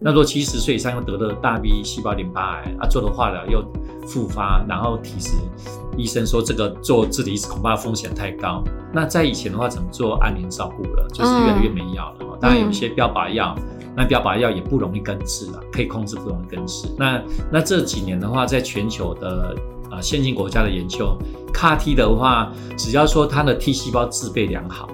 那說七十歲以上又得了大 B 細胞淋巴癌啊，做了化療又復發，然後提示醫生說這個做自體移植恐怕風險太高。那在以前的話，只能做安寧照顧了，就是越來越沒藥了。嗯、當然有一些標靶藥，那標靶藥也不容易根治了，可以控制，不容易根治。那那這幾年的話，在全球的啊先進國家的研究，CAR-T 的話，只要說它的 T 細胞製備良好，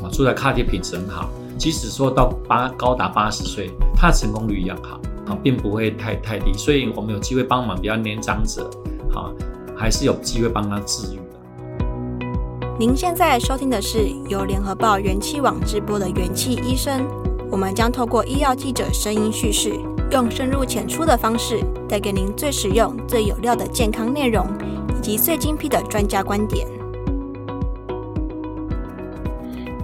啊，除了 CAR-T 品質很好。即使說到八高達八十歲，他的成功率也好啊，並不會太太低，所以我們有機會幫忙比較年長者，啊，還是有機會幫他治癒的。您現在收聽的是由聯合報元氣網直播的元氣醫生，我們將透過醫藥記者聲音敘事，用深入淺出的方式，帶給您最實用、最有料的健康內容，以及最精闢的專家觀點。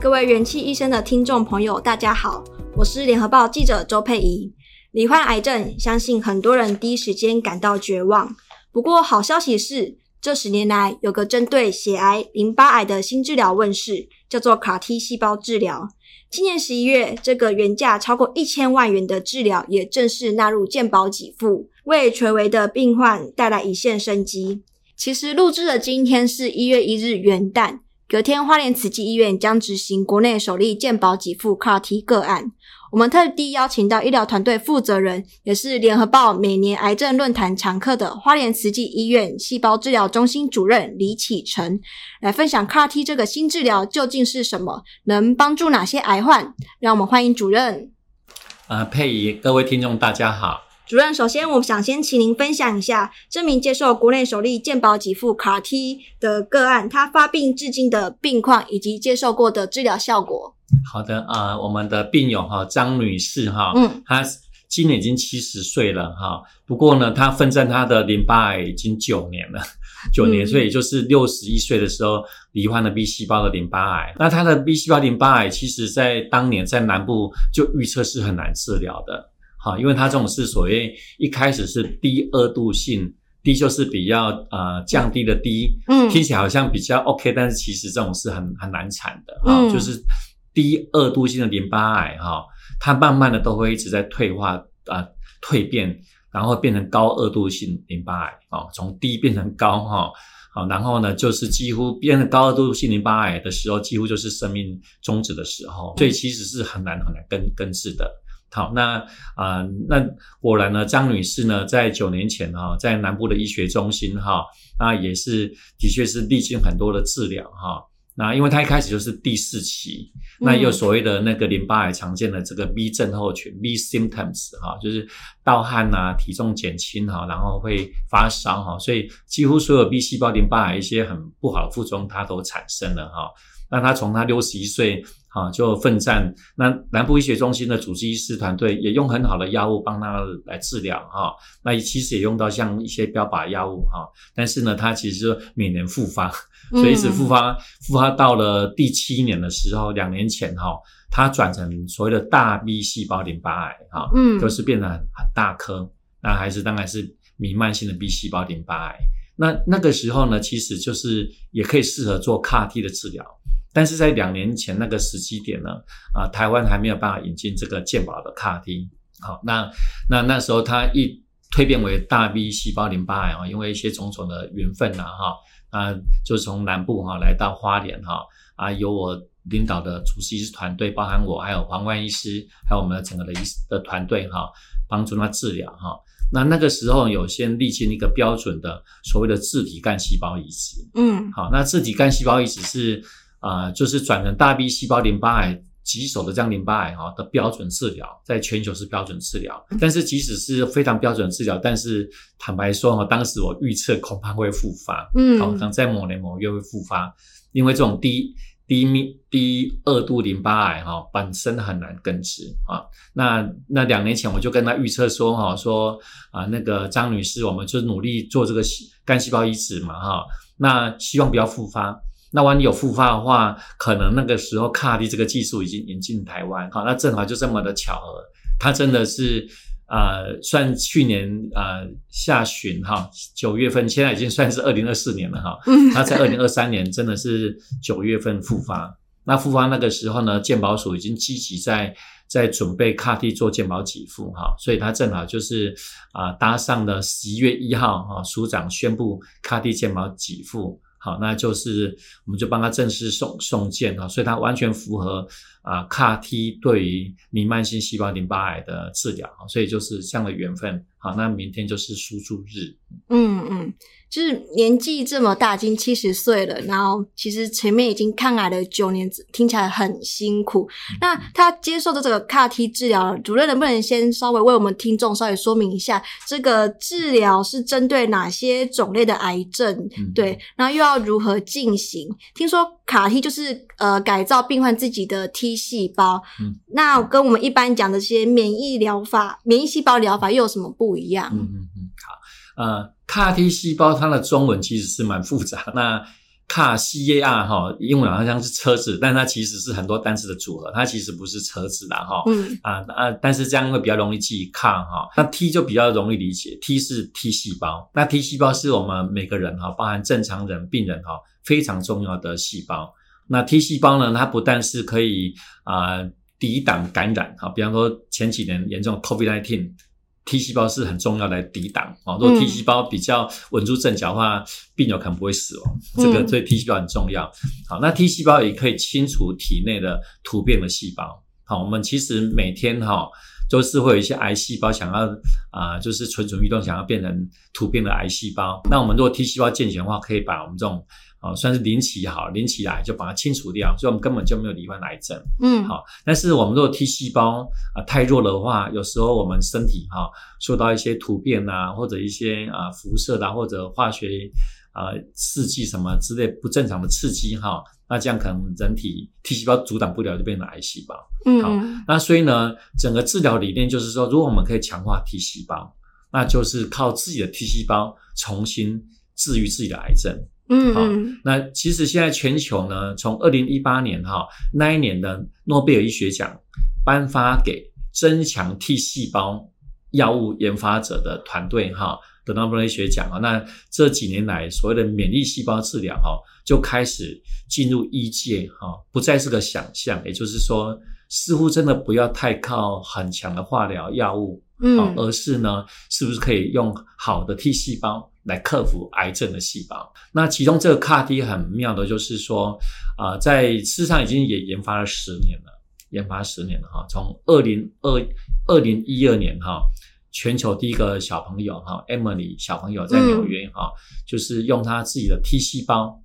各位元氣醫生的聽眾朋友，大家好，我是聯合報記者周佩怡。罹患癌症，相信很多人第一時間感到絕望。不過好消息是，這十年來有個針對血癌、淋巴癌的新治療問世，叫做 CAR-T 細胞治療。今年十一月，這個原價超過一千萬元的治療也正式納入健保給付，為垂危的病患帶來一線生機。其實，錄製的今天是一月一日元旦。隔天，花蓮慈濟醫院將執行國內首例健保給付 CAR-T 個案。我們特地邀請到醫療團隊負責人，也是聯合報每年癌症論壇常客的花蓮慈濟醫院細胞治療中心主任李啟誠，來分享 CAR-T 這個新治療究竟是什麼，能幫助哪些癌患？讓我們歡迎主任。呃，佩怡，各位聽眾大家好。主任，首先我想先請您分享一下這名接受國內首例健保給付 CAR-T 的個案，他發病至今的病況以及接受過的治療效果。好的，呃，我們的病友哈張女士哈，嗯，她今年已經七十歲了哈，不過呢，她奮戰她的淋巴癌已經九年了，九年、嗯、所以就是六十一歲的時候罹患了 B 細胞的淋巴癌。那她的 B 細胞淋巴癌其實在當年在南部就預測是很難治療的。好，因為它這種是所謂一開始是低惡度性，低就是比較呃降低的低，嗯，聽起來好像比較 OK，但是其實這種是很很難纏的啊，嗯、就是低惡度性的淋巴癌哈，它慢慢的都會一直在退化啊、呃，蛻變，然後變成高惡度性淋巴癌啊，從低變成高哈，好，然後呢就是幾乎變成高惡度性淋巴癌的時候，幾乎就是生命終止的時候，所以其實是很難很難根根治的。好，那啊、呃，那果然呢，張女士呢，在九年前哈、哦，在南部的醫學中心哈、哦，那也是的確是歷經很多的治療哈、哦。那因為她一開始就是第四期，那有所謂的那個淋巴癌常見的這個 B 症候群、嗯、（B symptoms） 哈、哦，就是盜汗吶、啊、體重減輕哈、哦，然後會發燒哈、哦，所以幾乎所有 B 細胞淋巴癌一些很不好的副作用，它都產生了哈、哦。那她從她六十一歲。好，就奮戰。那南部醫學中心的主治醫師團隊也用很好的藥物幫他來治療哈，那其實也用到像一些標靶藥物哈。但是呢，他其實就每年復發，所以一直復發，復發到了第七年的時候，嗯，兩年前哈，他轉成所謂的大 B 細胞淋巴癌哈，就是變得很大顆。那還是當然是彌漫性的 B 細胞淋巴癌。那那個時候呢，其實就是也可以適合做 CAR-T 的治療。但是在兩年前那個時機點呢，啊，台灣還沒有辦法引進這個健保的 CAR-T。好，那那那時候他一蛻變為大 B 細胞淋巴癌啊，因為一些種種的緣分吶，哈，啊，就從南部哈、啊、來到花蓮哈、啊，啊，由我領導的主治醫師團隊，包含我，還有黃冠醫師，還有我們的整個的醫師的團隊哈、啊，幫助他治療哈、啊。那那個時候有先歷經一個標準的所謂的自體幹細胞移植，嗯，好，那自體幹細胞移植是。啊、呃，就是轉成大 B 細胞淋巴癌棘手的這樣淋巴癌哈的、哦、的標準治療，在全球是標準治療。但是即使是非常標準治療，但是坦白說哈、哦，當時我預測恐怕會復發，嗯，好像、哦、在某年某月會復發，因為這種低低密低惡度淋巴癌哈、哦、本身很難根治啊、哦。那那兩年前我就跟他預測說哈、哦，說啊那個張女士，我們就努力做這個幹細胞移植嘛哈、哦，那希望不要復發。那萬一有復發的話，可能那個時候卡蒂這個技術已經引進台灣，好、哦，那正好就這麼的巧合，他真的是呃，算去年呃下旬哈，九、哦、月份，現在已經算是二零二四年了哈，他、哦、在二零二三年真的是九月份復發， 那復發那個時候呢，健保署已經積極在在準備卡蒂做健保給付哈、哦，所以他正好就是啊、呃、搭上了十一月一號哈，署長宣布卡蒂健保給付。好，那就是我們就幫他正式送送件啊，所以他完全符合啊，呃，CAR-T 對於瀰漫性細胞淋巴癌的治療，所以就是這樣的緣分。好，那明天就是輸注日。嗯嗯，就是年紀這麼大，已經七十歲了，然後其實前面已經抗癌了九年，聽起來很辛苦。嗯、那他接受的這個 CAR-T 治療，主任能不能先稍微為我們聽眾稍微說明一下，這個治療是針對哪些種類的癌症？嗯、對，然後又要如何進行？聽說 CAR-T 就是呃改造病患自己的 T 細胞。嗯，那跟我們一般講的這些免疫療法、免疫細胞療法又有什麼不？不一樣。嗯嗯嗯，好。呃 CAR T 細胞，它的中文其實是蠻複雜。那 CAR T、哦、哈，英文好像像是車子，但它其實是很多單詞的組合，它其實不是車子啦。哈、嗯。嗯啊啊，但是這樣會比較容易記憶卡。CAR、哦、哈，那 T 就比較容易理解，T 是 T 細胞。那 T 細胞是我們每個人哈、哦，包含正常人、病人哈、哦，非常重要的細胞。那 T 細胞呢，它不但是可以啊、呃、抵擋感染啊、哦，比方說前幾年嚴重的 COVID 19 T 細胞是很重要，來抵擋。如果 T 細胞比較穩住陣腳的話，嗯、病友可能不會死亡、哦。這個對 T 細胞很重要。嗯、好，那 T 細胞也可以清除體內的突變的細胞。好，我們其實每天哈、哦、都、就是會有一些癌細胞想要啊、呃，就是蠢蠢欲動，想要變成突變的癌細胞。那我們如果 T 細胞健全的話，可以把我們這種。哦，算是零期好，零期癌就把它清除掉，所以我們根本就沒有罹患癌症。嗯，好，但是我們如果 T 細胞啊、呃、太弱的話，有時候我們身體哈、哦、受到一些突變啊，或者一些啊、呃、輻射啊或者化學啊、呃、刺激什麼之類不正常的刺激哈、哦，那這樣可能人體 T 細胞阻擋不了，就變成癌細胞。嗯，好。那所以呢，整個治療理念就是說，如果我們可以強化 T 細胞，那就是靠自己的 T 細胞重新治癒自己的癌症。嗯，好，那其實現在全球呢，從二零一八年哈那一年的諾貝爾醫學獎頒發給增強 T 細胞藥物研發者的團隊哈，得諾貝爾醫學獎啊，那這幾年來所謂的免疫細胞治療哈，就開始進入醫界哈，不再是個想象，也就是說，似乎真的不要太靠很強的化療藥物，嗯，而是呢，是不是可以用好的 T 細胞？來克服癌症的細胞。那其中這個卡 a 很妙的，就是說，啊、呃，在市場已經也研發了十年了，研發十年了哈。從二零二二零一二年哈，全球第一個小朋友哈，Emily 小朋友在紐約哈，嗯、就是用他自己的 T 細胞，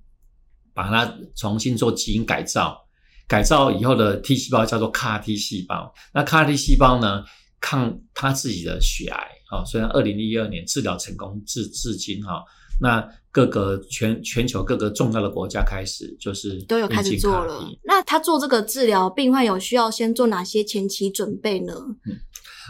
把它重新做基因改造，改造以後的 T 細胞叫做 CAR-T 細胞。那 CAR-T 細胞呢，抗他自己的血癌。好、哦，雖然二零一二年治療成功至，至至今哈、哦，那各個全全球各個重要的國家開始就是都有開始做了。T 那他做這個治療，病患有需要先做哪些前期準備呢？嗯、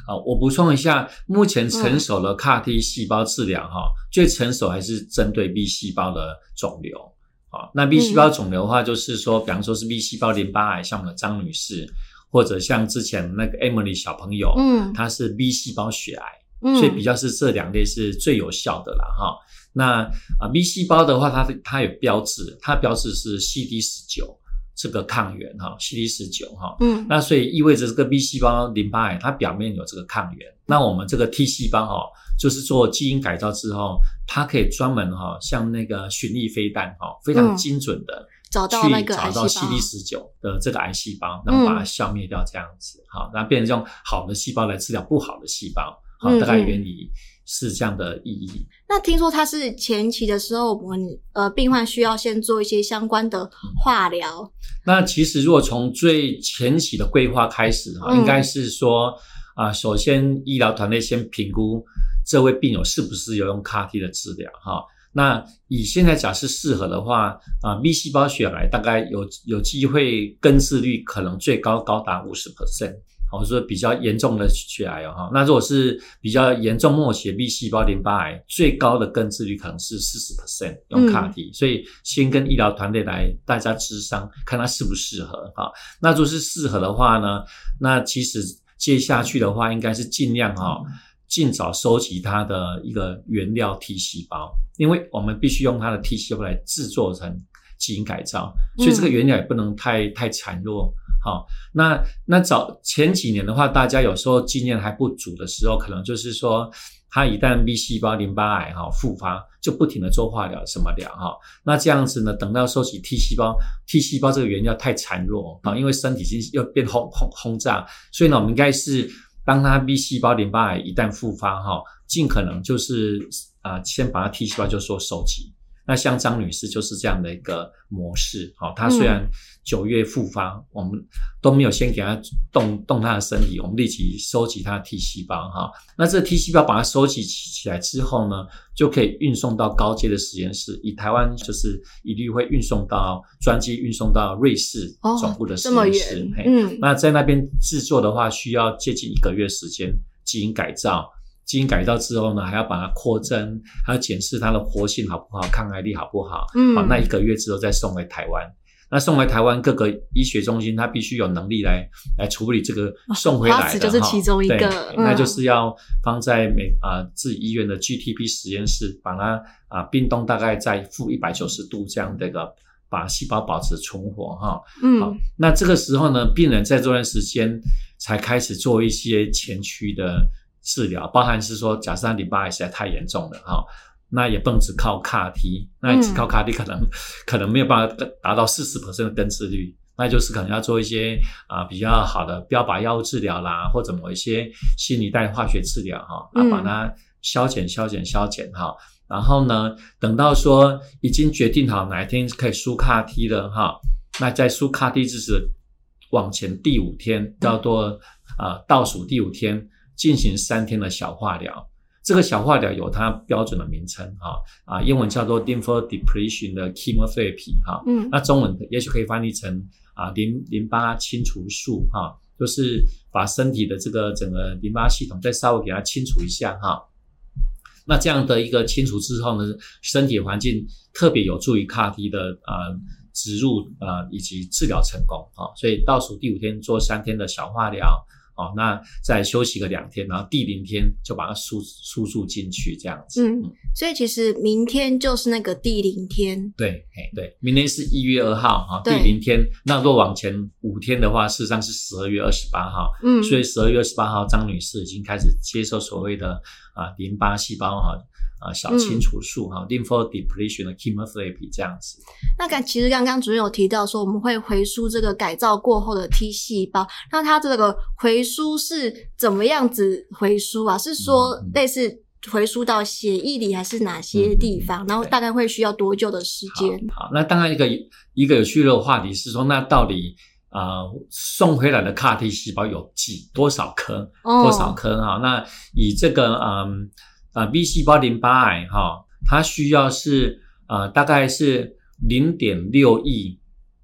好我補充一下，嗯、目前成熟的 CAR-T 細胞治療哈、哦，嗯、最成熟還是針對 B 細胞的腫瘤。啊、哦，那 B 細胞腫瘤的話，就是說，嗯、比方說是 B 細胞淋巴癌，像我們的張女士，或者像之前那個 Emily 小朋友，嗯，她是 B 細胞血癌。所以比較是這兩類是最有效的啦。哈、嗯。那啊，B 細胞的話，它，它它有標誌，它標誌是 CD 十九這個抗原哈，CD 十九哈。嗯。那所以意味着這個 B 細胞淋巴癌，它表面有這個抗原。那我們這個 T 細胞哈，就是做基因改造之後，它可以專門哈，像那個巡弋飛彈哈，非常精準的找到那個找到 CD 十九的這個癌細胞，嗯、細胞然後把它消滅掉，這樣子哈、嗯，然後變成用好的細胞來治療不好的細胞。好、哦，大概原理是這樣的意義。嗯嗯那聽說它是前期的時候，我們呃病患需要先做一些相關的化療、嗯。那其實如果從最前期的規劃開始啊、哦，應該是說啊，首先醫療團隊先評估這位病友是不是有用 CAR-T 的治療哈、哦。那以現在假設適合的話啊，B 細胞血癌大概有有機會根治率可能最高高達五十 percent。好，或者說比較嚴重的血癌哦，哈，那如果是比較嚴重，末期的 B 細胞淋巴癌，最高的根治率可能是四十 percent 用 CAR-T，嗯、所以先跟醫療團隊來大家諮商，看他適不是適合哈、哦。那如果是適合的話呢，那其實接下去的話，嗯、應該是尽量哈、哦，儘早收集他的一個原料 T 細胞，因為我們必須用他的 T 細胞來制作成基因改造，嗯、所以這個原料也不能太太孱弱。好、哦，那那早前幾年的話，大家有時候經驗還不足的時候，可能就是說，他一旦 B 細胞淋巴癌哈、哦、復發，就不停的做化療什麼療哈、哦，那這樣子呢，等到收集 T 細胞，T 細胞這個原料太孱弱啊、哦，因為身體經又變轟轟轟炸，所以呢，我們應該是當他 B 細胞淋巴癌一旦復發哈，儘、哦、可能就是啊、呃，先把他 T 細胞就是說收集。那像張女士就是這樣的一個模式，哈，她雖然九月複發，嗯，我們都沒有先給她動動她的身體，我們立即收集她的 T 細胞，哈，那這個 T 細胞把它收集起來之後呢，就可以運送到高階的實驗室，以台灣就是一律會運送到專機運送到瑞士總部的實驗室，那在那邊製作的話，需要接近一個月時間進行改造。基因改造之後呢，還要把它擴增，還要檢視它的活性好不好，抗癌力好不好。嗯。好，那一個月之後再送回台灣，那送回台灣各個醫學中心，它必須有能力來來處理這個送回來的哈、哦。就是其中一個。對，嗯、那就是要放在每啊、呃、自己醫院的 GTP 實驗室，把它啊、呃、冰凍，大概在負一百九十度這樣的、這、一個，把細胞保持存活哈。嗯。好，那這個時候呢，病人在這段時間才開始做一些前驅的。治療包含是說，假設淋巴癌實在太嚴重了哈、哦，那也不能只靠卡 T，那只靠卡 T 可能、嗯、可能沒有辦法達到四十%的根治率，那就是可能要做一些啊、呃、比較好的標靶藥物治療啦，或者某一些新一代化學治療哈、哦，啊把它消減消減消減哈、哦，然後呢，等到說已經決定好哪一天可以輸卡 T 了哈、哦，那在輸卡 T 之時往前第五天，叫做多、嗯、呃倒數第五天。進行三天的小化療，這個小化療有它標準的名稱哈，啊，英文叫做 lymphodepletion 的 chemotherapy 哈，嗯，那中文也許可以翻譯成啊，淋淋巴清除術哈、啊，就是把身體的這個整個淋巴系統再稍微給它清除一下哈、啊。那這樣的一個清除之後呢，身體環境特別有助於 CAR-T 的啊，植入啊，以及治療成功哈、啊，所以倒數第五天做三天的小化療。哦，那再休息個兩天，然後第零天就把它輸輸入進去，這樣子。嗯，所以其實明天就是那個第零天。對，對，對，明天是一月二號哈，第零天。對那若往前五天的話，事實上是十二月二十八號。嗯，所以十二月二十八號，張女士已經開始接受所謂的。啊，淋巴細胞哈，啊，小清除素哈，lymphodepletion 的 chemotherapy 這樣子。那其實剛剛主任有提到說，我們會回輸這個改造過後的 T 細胞，那它這個回輸是怎麼樣子回輸啊？是說類似回輸到血液裡，還是哪些地方？嗯、然後大概會需要多久的時間，嗯？好，那當然一個一個有趣的話題是說，那到底？啊、呃，送回來的 CAR-T 細胞有幾多少顆，哦、多少顆哈？那以這個嗯啊、呃、B 細胞淋巴癌哈，它需要是啊、呃、大概是零點六億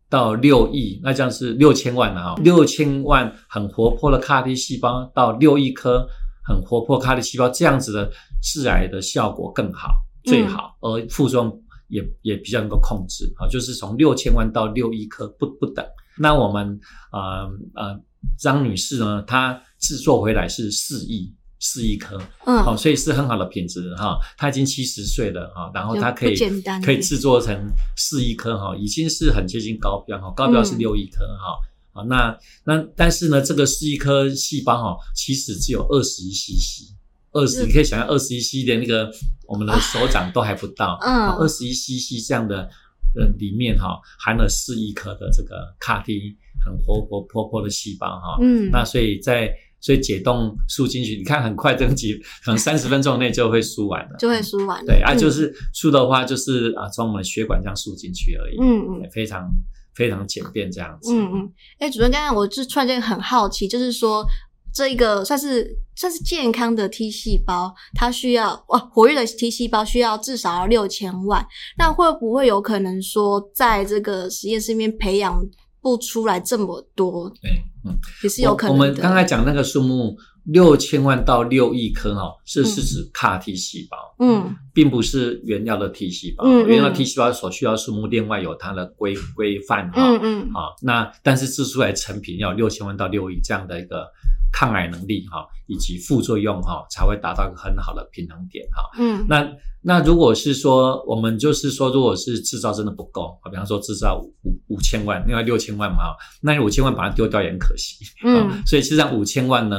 到六億，那這樣是六千萬了，六千萬很活潑的 CAR-T 細胞到六億顆很活潑 CAR-T 細胞這樣子的治癌的效果更好，最好，嗯、而副作用也也比較能夠控制啊，就是從六千萬到六億顆不不等。那我們啊啊、呃呃、張女士呢，她制作回來是四億四億顆，嗯，好、哦，所以是很好的品質哈、哦。她已經七十歲了哈、哦，然後她可以可以制作成四億顆哈、哦，已經是很接近高標哈，高標是六億顆哈、嗯哦、那那但是呢，這個四億顆細胞哈、哦，其實只有二十一 cc，二十是你可以想象二十一 cc 連那個我們的手掌都還不到，啊、嗯，二十一 cc 這樣的。呃，裡面哈含了四億顆的這個 CAR-T 很活活潑潑的細胞哈，嗯，那所以在所以解凍輸進去，你看很快等幾可能三十分鐘內就會輸完了，就會輸完了。對、嗯、啊，就是輸的話就是啊，從我們血管這樣輸進去而已，嗯嗯，非常非常簡便這樣子。嗯嗯，誒、欸、主任，剛才我就突然間很好奇，就是說。這一個算是算是健康的 T 細胞，它需要哇，活躍的 T 細胞需要至少要六千萬。那會不會有可能說，在這個實驗室裡面培養不出來這麼多？對，嗯，也是有可能的。我，我們剛才講那個數目。六千萬到六億顆哈、哦，是是指 CAR-T 細胞，嗯，並不是原料的 T 細胞，嗯，原料的 T 細胞所需要數目，另外有它的規規範哈、哦嗯，嗯嗯、哦，那但是制出來成品要有六千萬到六億這樣的一個抗癌能力哈、哦，以及副作用哈、哦，才會達到一個很好的平衡點哈，哦、嗯，那那如果是說我們就是說，如果是制造真的不夠啊，比方說制造五五千萬，另外六千萬嘛，那五千萬把它丟掉也很可惜，嗯、哦，所以實際上五千萬呢。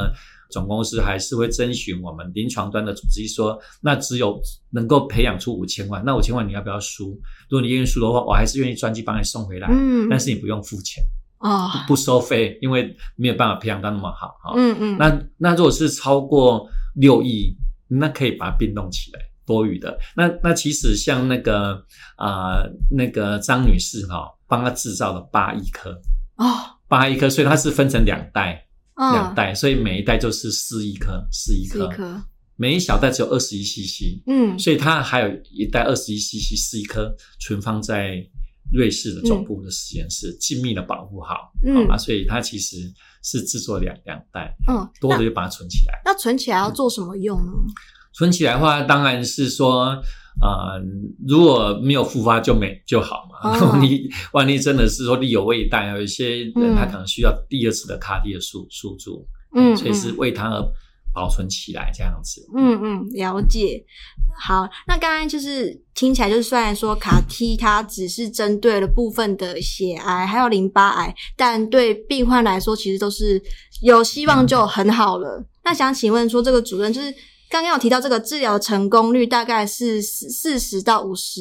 總公司還是會徵詢我們臨床端的主機說那只有能夠培養出五千萬，那五千萬你要不要輸？如果你願意輸的話，我還是願意專機幫你送回來，嗯，但是你不用付錢哦不，不收費，因為沒有辦法培養到那麼好，哈、哦嗯，嗯嗯。那那如果是超過六億，那可以把它冰凍起來，多餘的。那那其實像那個啊、呃、那個張女士哈、哦，幫她制造了八億顆哦，八億顆，所以它是分成兩袋。兩袋、嗯，所以每一袋就是四億顆，四億顆，一每一小袋只有二十一 CC，嗯，所以它還有一袋二十一 CC，四億顆存放在瑞士的總部的實驗室，嗯、精密的保護好，啊、嗯，所以它其實是制作兩兩袋，代嗯，多的就把它存起來、嗯那。那存起來要做什麼用呢？嗯、存起來的話，當然是說。啊、呃，如果沒有復发就沒就好嘛。哦、 萬一真的是說你有胃袋，有一些人他可能需要第二次的 CAR-T 的輸輸注，嗯，所以是為他而保存起來這樣子。嗯嗯，了解。好，那剛剛就是聽起來就是，雖然說 CAR-T 它只是針對了部分的血癌還有淋巴癌，但對病患來說其實都是有希望就很好了。嗯、那想請問說這個主任就是。剛剛有提到，這個治療成功率大概是四十到五十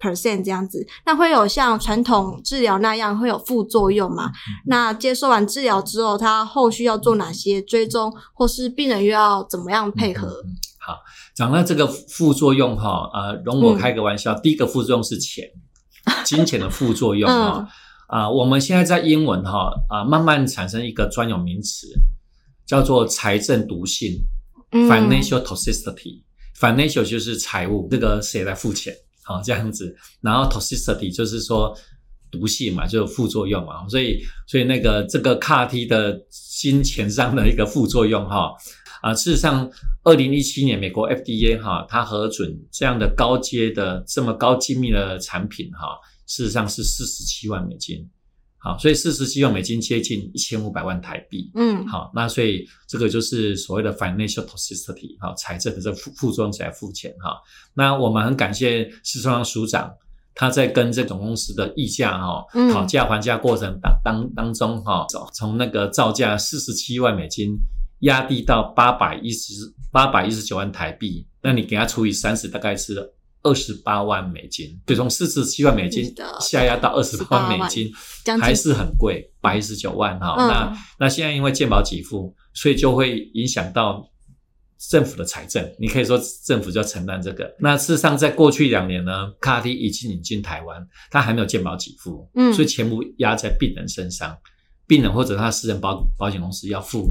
percent 這樣子，那會有像傳統治療那樣會有副作用嗎？那接受完治療之後，他後續要做哪些追蹤，或是病人又要怎麼樣配合？嗯、好，講到這個副作用哈，呃，容我開個玩笑，嗯、第一個副作用是錢，金錢的副作用哈，啊、 嗯呃，我們現在在英文哈啊、呃，慢慢產生一個專有名詞，叫做財政毒性。Financial toxicity，financial、嗯、就是財務，這個誰來付錢？好，這樣子。然後 toxicity 就是說毒性嘛，就是副作用嘛。所以，所以那個這個 CAR T 的金錢上的一個副作用哈，啊，事實上，二零一七年美國 FDA 哈、啊，它核准這樣的高階的這麼高精密的產品哈、啊，事實上是四十七萬美金。好，所以四十七萬美金接近一千五百萬台幣。嗯，好，那所以這個就是所謂的 financial toxicity 好，財政的這副副總起來付錢哈。那我們很感謝石崇良署長，他在跟這總公司的議價哈，討價還價過程當、嗯、當中，哈，從那個造價四十七萬美金壓低到八百一十八百一十九萬台幣，那你給他除以三十，大概是？二十八萬美金，所以從四十七萬美金下壓到二十八萬美金，還是很貴，百一十九萬哈、哦。嗯、那那現在因為健保給付，所以就會影響到政府的財政。你可以說政府就要承擔這個。那事實上，在過去兩年呢，CAR-T 已經引進台灣，它還沒有健保給付，嗯，所以全部壓在病人身上，嗯、病人或者他的私人保保險公司要付。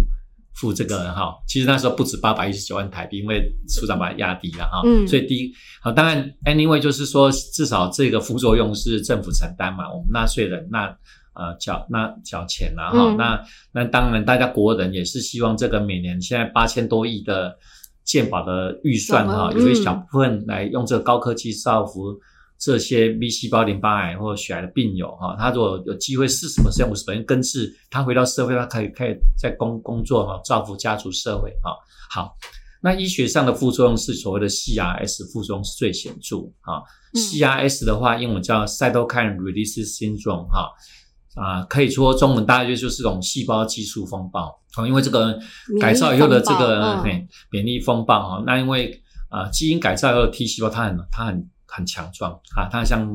付這個哈，其實那時候不止八百一十九萬台幣，因為署長把它壓低了哈，嗯、所以第一，好，當然，anyway，就是說至少這個副作用是政府承擔嘛，我們納稅人納呃繳納繳錢了、啊、哈，嗯、那那當然大家國人也是希望這個每年現在八千多億的健保的預算哈，嗯、有一小部分來用這個高科技造福。這些 B 細胞淋巴癌或血癌的病友哈，他如果有機會是什麼，生物是百分根治，他回到社會，他可以可以在工工作哈，造福家族社會哈。好，那醫學上的副作用是所謂的 CRS 副作用是最顯著啊。嗯、CRS 的話，英文叫 cytokine release syndrome 哈啊，可以說中文大概就是這種細胞激素風暴啊，因為這個改造以後的這個免免疫風暴啊、嗯哎，那因為呃、啊、基因改造以後的 T 細胞它很它很。很強壯啊，它像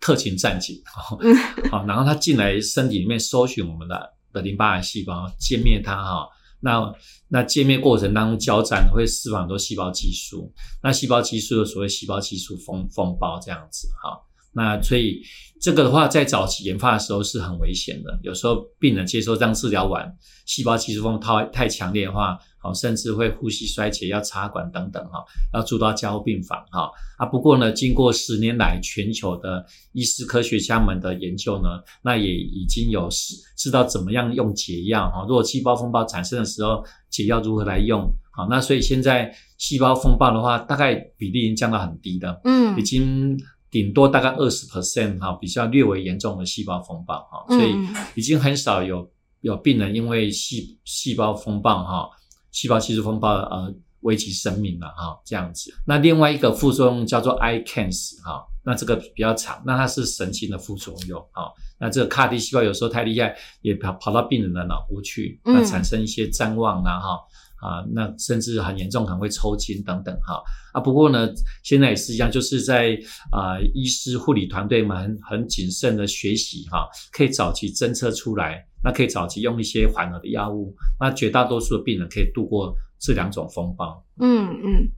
特勤戰警， 然後它進來身體裡面搜尋我們的的淋巴癌細胞，殲滅它哈。那那殲滅過程當中交戰會釋放很多細胞激素，那細胞激素的所謂細胞激素風風暴這樣子哈。那所以。這個的話，在早期研發的時候是很危險的，有時候病人接受這樣治療完，細胞激素風暴太，太強烈的話，甚至會呼吸衰竭，要插管等等哈，要住到加護病房哈。啊，不過呢，經過十年來全球的醫師科學家們的研究呢，那也已經有知知道怎麼樣用解藥哈。如果細胞風暴產生的時候，解藥如何來用，好，那所以現在細胞風暴的話，大概比例已經降到很低的，嗯，已經。頂多大概二十 percent 哈，比較略為嚴重的細胞風暴哈，嗯、所以已經很少有有病人因為細細胞風暴哈，細胞激素風暴呃危及生命了哈，這樣子。那另外一個副作用叫做 ICANS 哈，ans, 那這個比較長，那它是神經的副作用哈，那這個 CAR-T 細胞有時候太厲害也跑跑到病人的腦部去，嗯、那產生一些譫妄了哈。啊，那甚至很嚴重，可能會抽筋，等等哈。啊，不過呢，現在也是一樣，就是在啊、呃，醫師護理團隊們很謹慎的學習哈，可以早期偵測出來，那可以早期用一些緩和的藥物，那絕大多數的病人可以度過這兩種風暴。嗯嗯，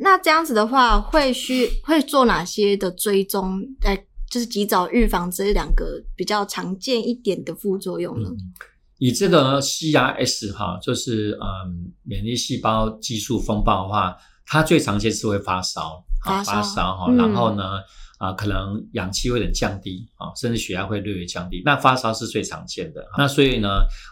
那這樣子的話，會需會做哪些的追蹤？來，就是及早預防這兩個比較常見一點的副作用呢？嗯以這個呢 CRS 哈，就是嗯，免疫細胞激素風暴的話，它最常見是會發燒，發燒哈，然後呢，啊、嗯呃，可能氧氣會有點降低啊，甚至血壓會略微降低。那發燒是最常見的，那所以呢，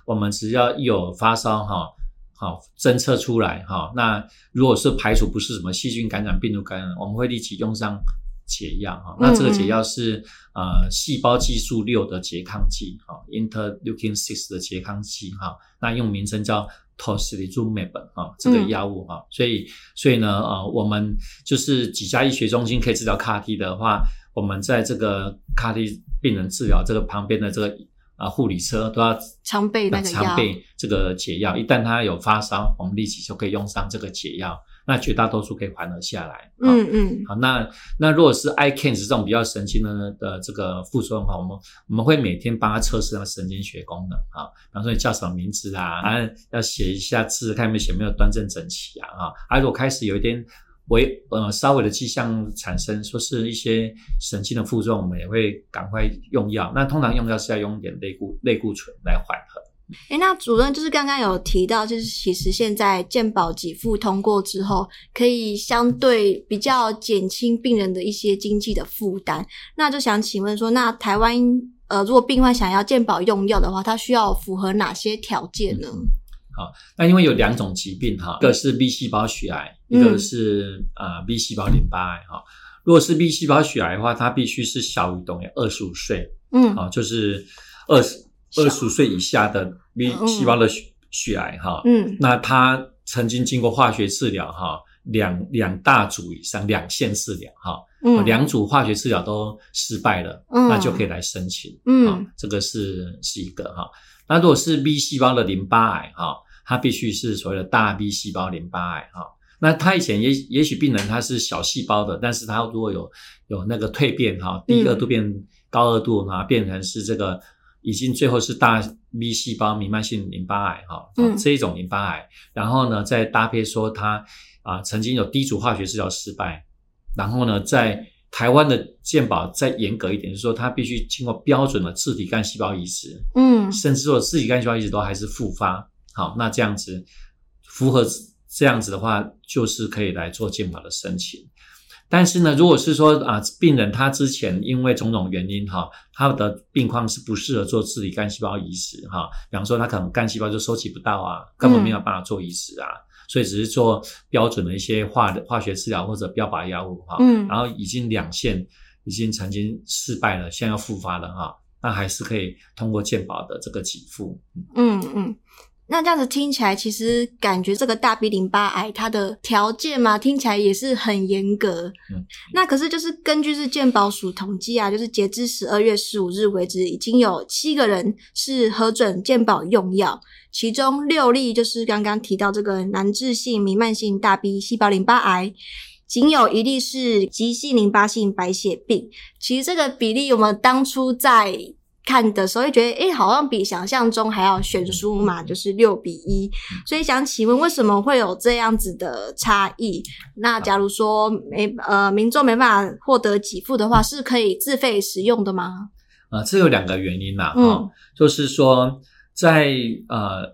我們只要一有發燒哈，好，偵測出來哈，那如果是排除不是什麼細菌感染、病毒感染，我們會立即用上。解藥哈，那這個解藥是、嗯、呃細胞技術六的拮抗劑啊、嗯喔、，interleukin six 的拮抗劑哈，那用名稱叫 tocilizumab 啊、喔，這個藥物哈、嗯喔，所以所以呢呃、喔、我們就是幾家醫學中心可以治療 CAR-T 的話，我們在這個 CAR-T 病人治療這個旁邊的這個啊，護理車都要常備，那常備這個解藥，一旦他有發燒，我們立即就可以用上這個解藥。那絕大多數可以緩和下來。嗯嗯，好，那那如果是 ICANS 這種比較神經的的這個副作用的話，我們我們會每天幫他測試他的神經學功能啊，比方說你叫什麼名字啊，啊要寫一下字，試試看有沒有寫沒有端正整齊啊啊，如果開始有一點微呃稍微的跡象產生，說是一些神經的副作用，我們也會趕快用藥。那通常用藥是要用一點類固類固醇來緩和。哎，那主任就是剛剛有提到，就是其實現在健保給付通過之後，可以相對比較減輕病人的一些經濟的負擔。那就想請問說，那台灣呃，如果病患想要健保用藥的話，它需要符合哪些條件呢？嗯、好，那因為有兩種疾病哈，一個是 B 細胞血癌，一個是啊 B 細胞淋巴癌哈。嗯、如果是 B 細胞血癌的話，它必須是小於等於二十五歲，嗯，好，就是二十。二十歲以下的 B 細胞的血血癌哈、嗯，嗯，那他曾經經過化學治療哈，兩兩大組以上兩線治療哈，嗯，兩組化學治療都失敗了，嗯，那就可以來申請，嗯，嗯，這個是是一個哈。那如果是 B 細胞的淋巴癌哈，它必須是所謂的大 B 細胞淋巴癌哈。那他以前也也許病人他是小細胞的，但是他如果有有那個蛻變哈、嗯、低惡度變高惡度，那變成是這個。已經最後是大 B 細胞瀰漫性淋巴癌哈、哦，這一種淋巴癌，然後呢，再搭配說他啊、呃、曾經有低俗化學治療失敗，然後呢，在台灣的健保再嚴格一點，就是說他必須經過標準的自體幹細胞移植，嗯，甚至說自體幹細胞移植都還是復發，好，那這樣子符合這樣子的話，就是可以來做健保的申請。但是呢，如果是說啊，病人他之前因為種種原因哈、哦，他的病況是不適合做自體幹細胞移植哈、哦，比方說他可能幹細胞就收集不到啊，根本沒有辦法做移植啊，嗯、所以只是做標準的一些化化學治療或者標靶藥物哈，哦嗯、然後已經兩線已經曾經失敗了，現在要復發了哈、哦，那還是可以通過健保的這個給付。嗯嗯。嗯那這樣子聽起來，其實感覺這個大 B 淋巴癌它的條件嘛，聽起來也是很嚴格。嗯，那可是就是根據是健保署統計啊，就是截至十二月十五日為止，已經有七個人是核准健保用藥，其中六例就是剛剛提到這個難治性彌漫性大 B 細胞淋巴癌，僅有一例是急性淋巴性白血病。其實這個比例，我們當初在看的時候會覺得，哎，好像比想象中還要懸殊嘛，就是六比一。所以想請問，為什麼會有這樣子的差異？那假如說沒呃，民眾沒辦法獲得給付的話，是可以自費使用的嗎？啊，這有兩個原因啦，哈，就是說在呃，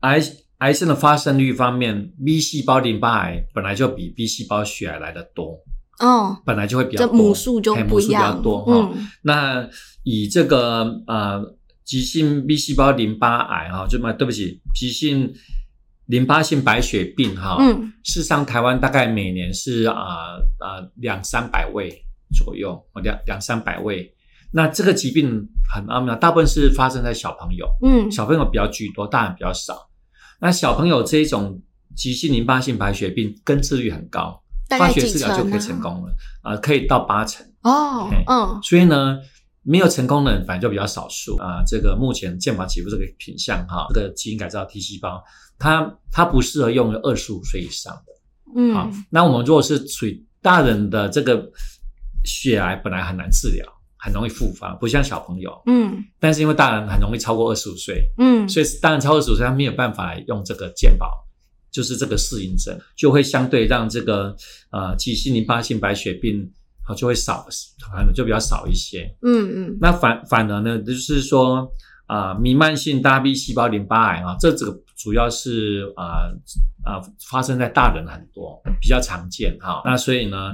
癌癌症的發生率方面，B 細胞淋巴癌本來就比 B 細胞血癌來的多，哦，本來就會比較多，母數比較多。嗯，那。以這個呃急性 B 細胞淋巴癌哈、哦，就對不起，急性淋巴性白血病哈，哦、嗯，事實上台灣大概每年是啊啊、呃呃、兩三百位左右，兩兩三百位。那這個疾病很奧妙，大部分是發生在小朋友，嗯，小朋友比較居多，大人比較少。那小朋友這種急性淋巴性白血病根治率很高，化學治療就可以成功了，啊、呃、可以到八成哦，嗯，所以呢。嗯沒有成功的人，反正就比較少數啊、呃。這個目前健保起步這個品項哈，這個基因改造 T 細胞，它它不適合用於二十五歲以上的。嗯，好，那我們如果是屬於大人的這個血癌，本來很難治療，很容易復發，不像小朋友。嗯，但是因為大人很容易超過二十五歲，嗯，所以大人超過二十五歲他沒有辦法來用這個健保，就是這個適應症就會相對讓這個呃急性淋巴性白血病。好，就會少，好像就比較少一些。嗯嗯，那反反而呢，就是說啊、呃，瀰漫性大 B 細胞淋巴癌啊、哦，這這個主要是啊啊、呃呃，發生在大人很多，比較常見哈。哦嗯、那所以呢，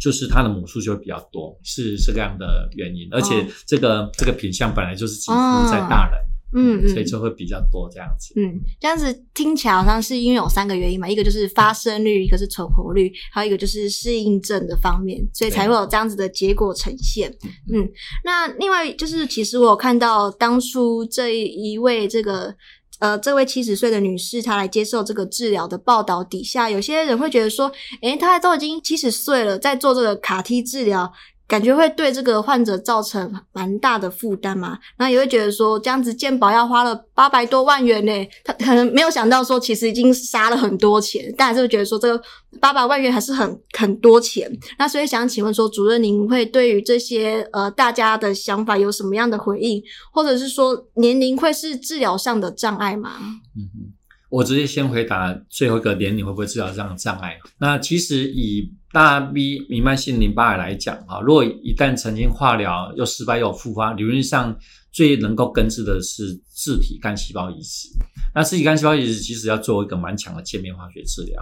就是它的母數就會比較多，是，是這個樣的原因。而且這個、哦、這個品相本來就是集中在大人。哦嗯，嗯所以就會比較多這樣子。嗯，這樣子聽起來好像是因為有三個原因嘛，一個就是發生率，一個是存活率，還有一個就是適應症的方面，所以才會有這樣子的結果呈現。對嗯，那另外就是其實我有看到當初這一位這個呃這位七十歲的女士她來接受這個治療的報道底下，有些人會覺得說，誒，欸，她都已經七十歲了，在做這個 CAR-T 治療。感覺會對這個患者造成蠻大的負擔嘛，然後也會覺得說，這樣子健保要花了八百多萬元呢，他可能沒有想到說其實已經殺了很多錢，大家是不是覺得說這個八百萬元還是很很多錢？那所以想請問說，主任您會對於這些呃大家的想法有什麼樣的回應，或者是說年齡會是治療上的障礙嗎？嗯哼，我直接先回答最後一個年齡會不會治療上的障礙？那其實以大 B 瀰漫性淋巴癌來講，哈，如果一旦曾經化療又失敗又復發，理論上最能夠根治的是自體幹細胞移植。那自體幹細胞移植其實要做一個蠻強的界面化學治療。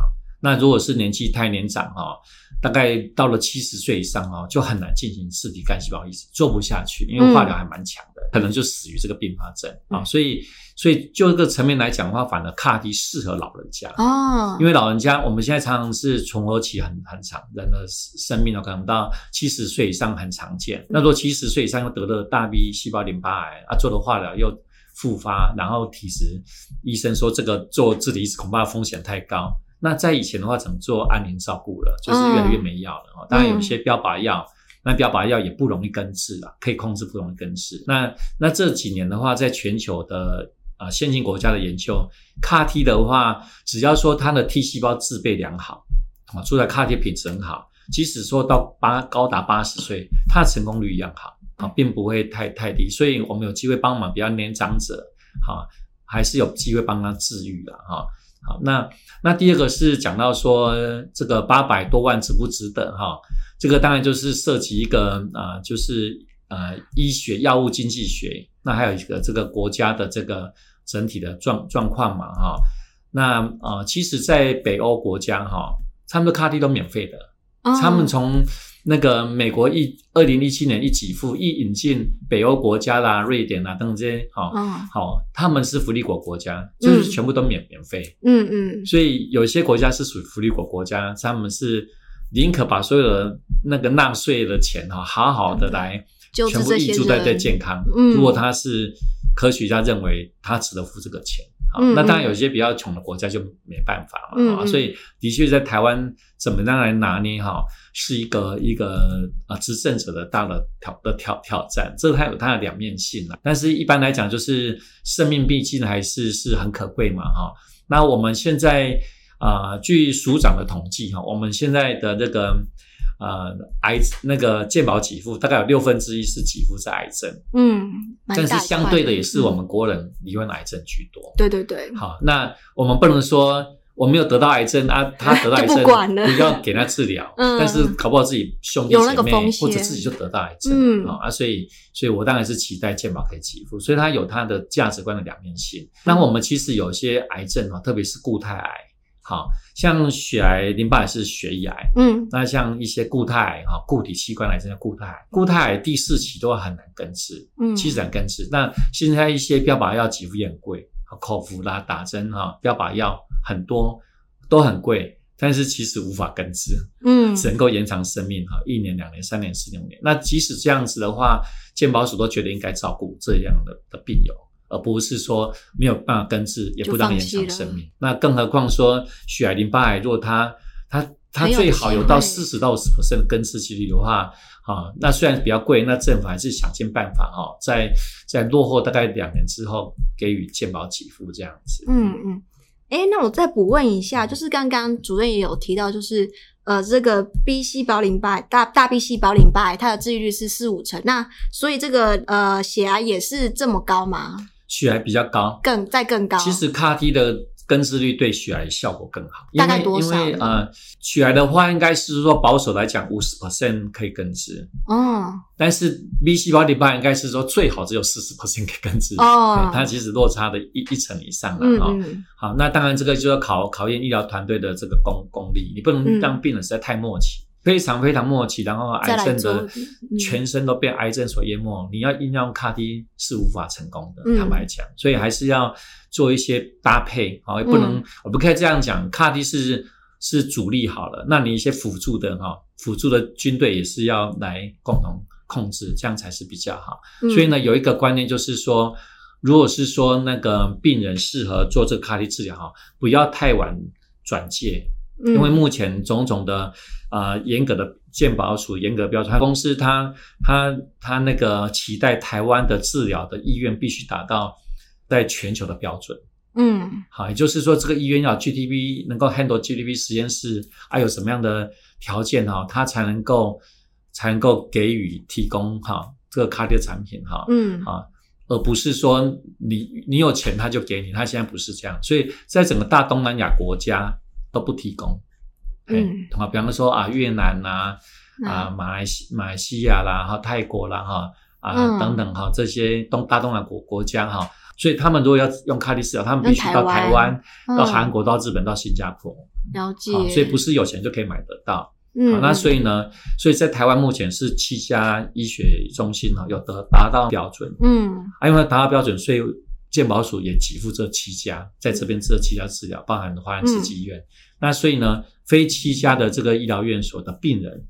那如果是年紀太年長，哈，大概到了七十歲以上哦，就很難進行自體幹細胞移植，做不下去，因為化療還蠻強的，嗯、可能就死於這個併發症、嗯、啊，所以。所以就這個層面來講的話，反而 CAR-T 適合老人家哦，因為老人家我們現在常常是存活期很很長，人的生命都可能到七十歲以上很常見。那如果七十歲以上又得了大 B 細胞淋巴癌啊，做了化療又復發，然後其實醫生說這個做自體恐怕風險太高。那在以前的話，只能做安寧照顧了，就是越來越沒藥了喔。當然有一些標靶藥，那標靶藥也不容易根治啊，可以控制，不容易根治。那那這幾年的話，在全球的。啊，先進國家的研究，CAR-T 的話，只要說它的 T 細胞制備良好，啊，在 CAR-T 品質很好，即使說到八高達八十歲，它的成功率一樣好，啊，並不會太太低。所以，我們有機會幫忙比較年長者，哈、啊，還是有機會幫他治愈的，哈、啊。好，那那第二個是講到說這個八百多萬值不值得？哈、啊，這個當然就是涉及一個啊，就是呃、啊，醫學藥物經濟學。那還有一個這個國家的這個整體的狀狀況嘛，哈，那呃，其實在北歐國家哈，他們的 CAR-T 都免費的，他、哦、們從那個美國一二零一七年一給付一引進北歐國家啦、瑞典啦等等這些，好，好、哦，他們是福利國國家，就是全部都免免費嗯，嗯嗯，所以有些國家是屬於福利國國家，他們是寧可把所有的那個納稅的錢哈好好的來。全部挹注在在健康。嗯、如果他是科學家認為他值得付這個錢，啊、嗯哦，那當然有些比較窮的國家就沒辦法了啊、嗯哦。所以的確在台灣怎麼樣來拿捏哈、哦，是一個一個啊執政者的大的挑的挑挑戰，這它有它的兩面性了、啊。但是一般來講，就是生命畢竟還是是很可貴嘛哈、哦。那我們現在。啊、呃，據署長的統計哈，我們現在的那個呃，癌那個健保給付大概有六分之一是給付在癌症，嗯，但是相對的也是我們國人罹患癌症居多，嗯、對對對。好，那我們不能說我沒有得到癌症啊，他得到癌症不管了，你要給他治療，嗯、但是搞不好自己兄弟姐妹或者自己就得到癌症、嗯、啊，所以，所以我當然是期待健保可以給付，所以它有它的價值觀的兩面性。那、嗯、我們其實有些癌症啊特別是固態癌。好，像血癌、淋巴癌是血液癌，嗯，那像一些固態哈，固體器官癌症叫固態，固態第四期都很難根治，嗯，其實很難根治。那現在一些標靶藥幾乎也很貴，口服啦、打針哈，標靶藥很多都很貴，但是其實無法根治，嗯，只能夠延長生命哈，一年、兩年、三年、四年、五年。那即使這樣子的話，健保署都覺得應該照顧這樣的的病友。而不是說沒有辦法根治，也不能延長生命。那更何況說血癌、淋巴癌若，如果它它它最好有到四十到五十%的根治機率的話，啊、哦，那雖然比較貴，那政府還是想盡辦法，哈、哦，在在落後大概兩年之後給予健保給付這樣子。嗯嗯，誒、嗯欸、那我再補問一下，就是剛剛主任也有提到，就是呃，這個 B 細胞，胞淋巴癌、大大 B 細胞淋巴癌，它的治癒率是四五成，那所以這個呃血癌也是這麼高嗎？血癌比較高，更再更高。其實 CAR T 的根治率對血癌效果更好，因為大概多少？因為呃，血癌的話，應該是說保守來講，五十 percent 可以根治。嗯、哦，但是 B 細胞淋巴應該是說最好只有四十 percent 可以根治。哦，它其實落差的一一成以上了哈。嗯嗯好，那當然這個就要考考驗醫療團隊的這個功功力，你不能讓病人實在太默契。嗯非常非常默契，然後癌症的全身都被癌症所淹沒，嗯、你要硬用 CAR-T 是無法成功的，嗯、坦白講，所以還是要做一些搭配，嗯、哦，不能我不可以這樣講，CAR-T 是是主力好了，那你一些輔助的哈、哦，輔助的軍隊也是要來共同控制，這樣才是比較好。嗯、所以呢，有一個觀念就是說，如果是說那個病人適合做這個 CAR-T 治療哈，不要太晚轉介。因為目前種種的，嗯、呃，嚴格的健保署嚴格標準，它，公司它它它，那個期待台灣的治療的醫院必須達到在全球的標準。嗯，好，也就是說，這個醫院要 GDP 能夠 handle GDP 實驗室，啊，有什麼樣的條件哈、哦，它才能夠才能夠給予提供哈、哦、這個 CAR-T 產品哈，嗯啊、哦，而不是說你你有錢他就給你，他現在不是這樣，所以在整個大東南亞國家，都不提供，好、嗯欸，比方說啊，越南吶、啊，嗯、啊，馬來西馬來西亞啦，哈，泰國啦，哈，啊，嗯、等等哈、啊，這些東大東南亞國國家哈、啊，所以他們如果要用 CAR-T 治療，他們必須到台灣，嗯、到韓國，到日本，到新加坡，嗯、了解。所以不是有錢就可以買得到，嗯，那所以呢，所以在台灣目前是七家醫學中心哈、啊，有的達到標準，嗯，啊因為達到標準，所以健保署也給付這七家在這邊這七家治療，包含花蓮慈濟醫院。嗯。那所以呢，非七家的這個醫療院所的病人，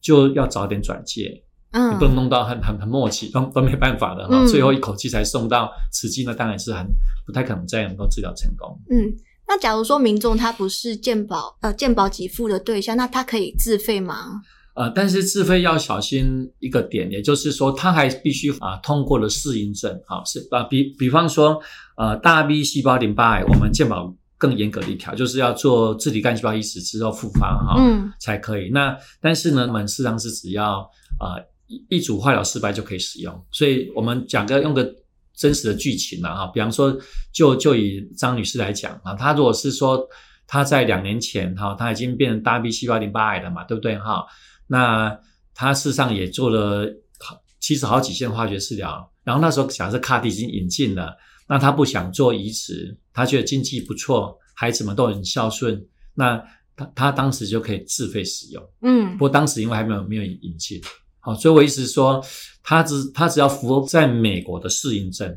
就要早點轉介，嗯，你不能弄到很很很默契，都都沒辦法的，嗯、後最後一口氣才送到此際，那當然是很不太可能再能夠治療成功。嗯，那假如說民眾他不是健保呃健保給付的對象，那他可以自費嗎？呃，但是自費要小心一個點，也就是說他還必須啊通過了適應症，好、啊，是啊比比方說呃大 B 細胞淋巴癌，我們健保。更嚴格的一條，就是要做自體幹細胞移植之後復發哈，嗯、才可以。那但是呢，我們事實上是只要啊、呃、一組化療失敗就可以使用。所以，我們講個用個真實的劇情了、啊、哈，比方說就，就就以張女士來講啊，她如果是說她在兩年前哈，她已經變成大 B 細胞淋巴癌了嘛，對不對哈？那她事實上也做了好，其實好幾線化學治療，然後那時候想是 CAR-T 已經引進了。那他不想做移植，他覺得經濟不錯，孩子們都很孝順，那他他當時就可以自費使用。嗯，不過當時因為還沒有沒有引進，好，所以我意思是說，他只他只要符合在美國的適應症，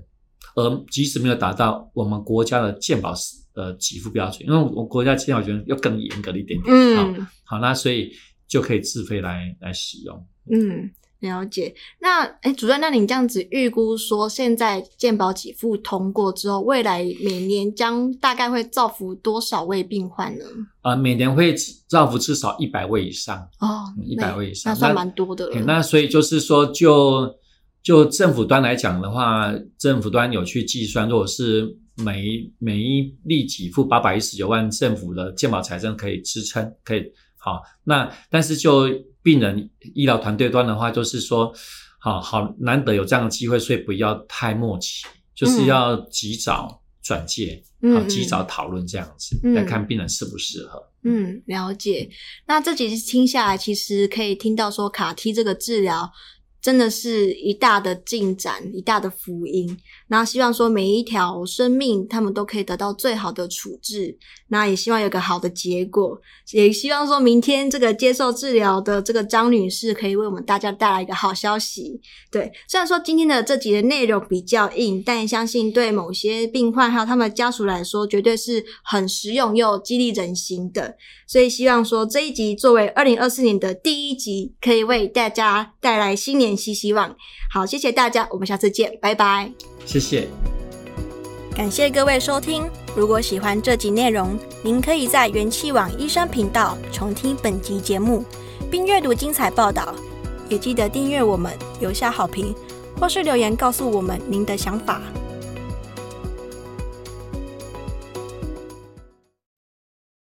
而即使沒有達到我們國家的健保呃給付標準，因為我，我國家健保我覺得要更嚴格一點點。嗯好，好，那所以就可以自費來來使用。嗯。了解，那哎，主任，那你這樣子預估說，現在健保給付通過之後，未來每年將大概會造福多少位病患呢？啊、呃，每年會造福至少一百位以上哦，一百位以上，那算蠻多的了。那所以就是說就，就就政府端來講的話，嗯、政府端有去計算，如果是每一每一例給付八百一十九萬，政府的健保財政可以支撐，可以，好。那但是就、嗯病人醫療團隊端的話，就是說，好好難得有這樣的機會，所以不要太墨跡，就是要及早轉介，嗯、好及早討論這樣子、嗯、來看病人適不適合嗯。嗯，了解。那這幾次聽下來，其實可以聽到說卡 T 這個治療。真的是一大的進展，一大的福音。然後希望說每一條生命，他們都可以得到最好的處置。那也希望有個好的結果，也希望說明天這個接受治療的這個張女士，可以為我們大家帶來一個好消息。對，雖然說今天的這集的內容比較硬，但相信對某些病患還有他們家屬來說，絕對是很實用又激勵人心的。所以希望說這一集作為二零二四年的第一集，可以為大家帶來新年。希希望。好，謝謝大家，我們下次見，拜拜。謝謝，感謝各位收聽。如果喜歡這集內容，您可以在元氣網醫生頻道重聽本集節目，並閱讀精彩報道。也記得訂閱我們，留下好評，或是留言告訴我們您的想法。